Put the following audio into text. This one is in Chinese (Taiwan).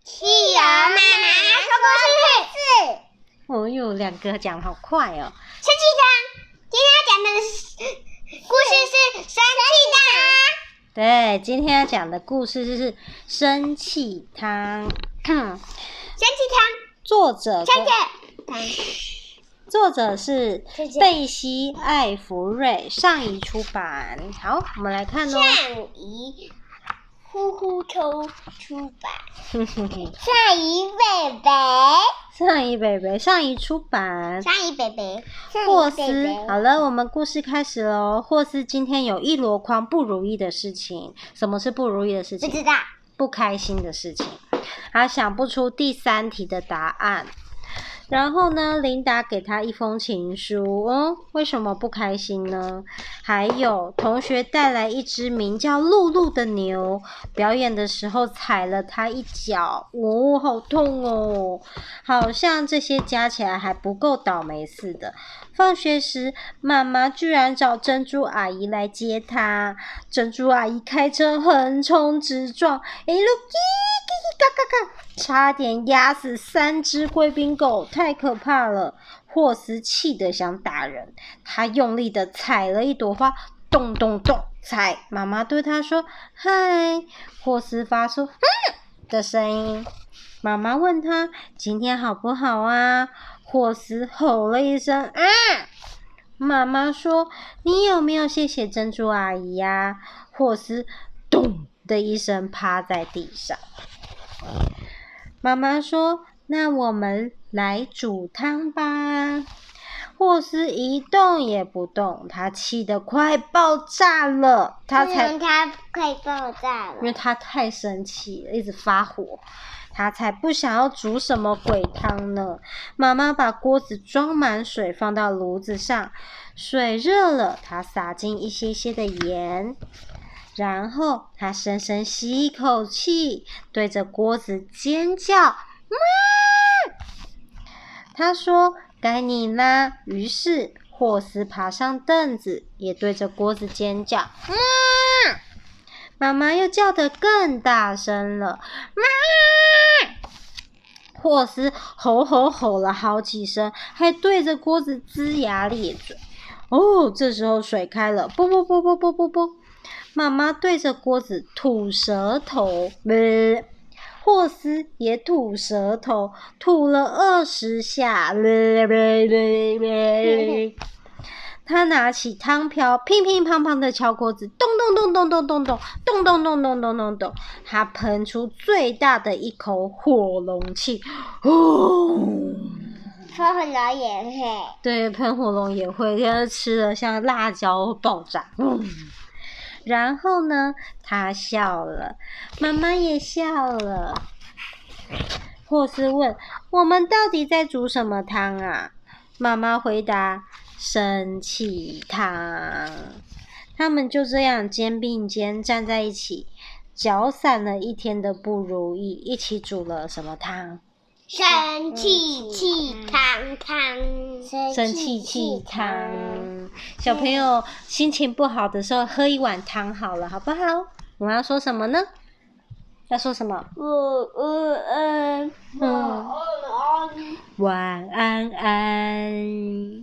《氣球媽媽》說故事是，哎呦、哦，兩個講好快哦！生氣湯，今天要講的是故事是《生氣湯》。對，今天要講的故事就是《生氣湯》嗯。哼生氣湯，作者，生氣姐湯，作者是貝西·艾芙瑞，上誼出版。好，我們來看嘍、哦。上誼。呼呼抽出版，上一貝貝，上一貝貝，上一出版，上一貝貝，上伯伯霍斯。好了，伯伯我們故事開始嘍。霍斯今天有一籮筐不如意的事情。什麼是不如意的事情？不知道。不開心的事情。他想不出第三題的答案。然後呢，琳達給他一封情書，哦、嗯，為什麼不開心呢？還有同學帶來一隻名叫露露的牛，表演的時候踩了它一腳，哦，好痛哦！好像這些加起來還不夠倒霉似的。放學時，媽媽居然找珍珠阿姨來接他，珍珠阿姨開車橫衝直撞，誒，露路。Look it! 嘎嘎嘎！差點壓死三隻貴賓狗，太可怕了！霍斯氣得想打人，他用力的踩了一朵花，咚咚咚，咚，踩。媽媽對他說：“嗨！”霍斯發出“嗯”的聲音。媽媽問他：“今天好不好啊？”霍斯吼了一聲：“啊！”媽媽說：“你有沒有謝謝珍珠阿姨呀？”霍斯咚的一聲趴在地上。媽媽說：“那我們來煮湯吧。”霍斯一動也不動，他氣得快爆炸了。他才因為他太生氣，一直發火，他才不想要煮什麼鬼湯呢。媽媽把鍋子裝滿水，放到爐子上，水熱了，他撒進一些些的鹽。然後他深深吸一口氣，對着鍋子尖叫，媽！他說：“該你啦。”於是霍斯爬上凳子，也對着鍋子尖叫，媽！媽媽又叫得更大聲了，媽！霍斯吼吼吼，吼了好幾聲，還對着鍋子齜牙咧嘴。哦，這時候水開了，啵啵啵啵啵啵啵、啵、啵、啵。媽媽對着鍋子吐舌頭，嘞。霍斯也吐舌頭，吐了二十下，嘞嘞嘞嘞嘞。他拿起湯瓢，乒乒乓乓的敲鍋子，咚咚咚咚咚咚咚，咚咚咚咚咚咚咚咚。他噴出最大的一口火龍氣，哦。噴火龍也會。對，噴火龍也會，但是吃的像辣椒爆炸，嗯。然後呢，他笑了，媽媽也笑了。霍斯問：“我們到底在煮什麼湯啊？”媽媽回答：“生氣湯。”他們就這樣肩並肩站在一起，攪散了一天的不如意，一起煮了什麼湯？生氣氣湯湯，生氣氣湯，生氣氣湯。小朋友、嗯、心情不好的時候，喝一碗湯好了，好不好？我要說什麼呢？要說什麼？哦哦安哦、晚安安。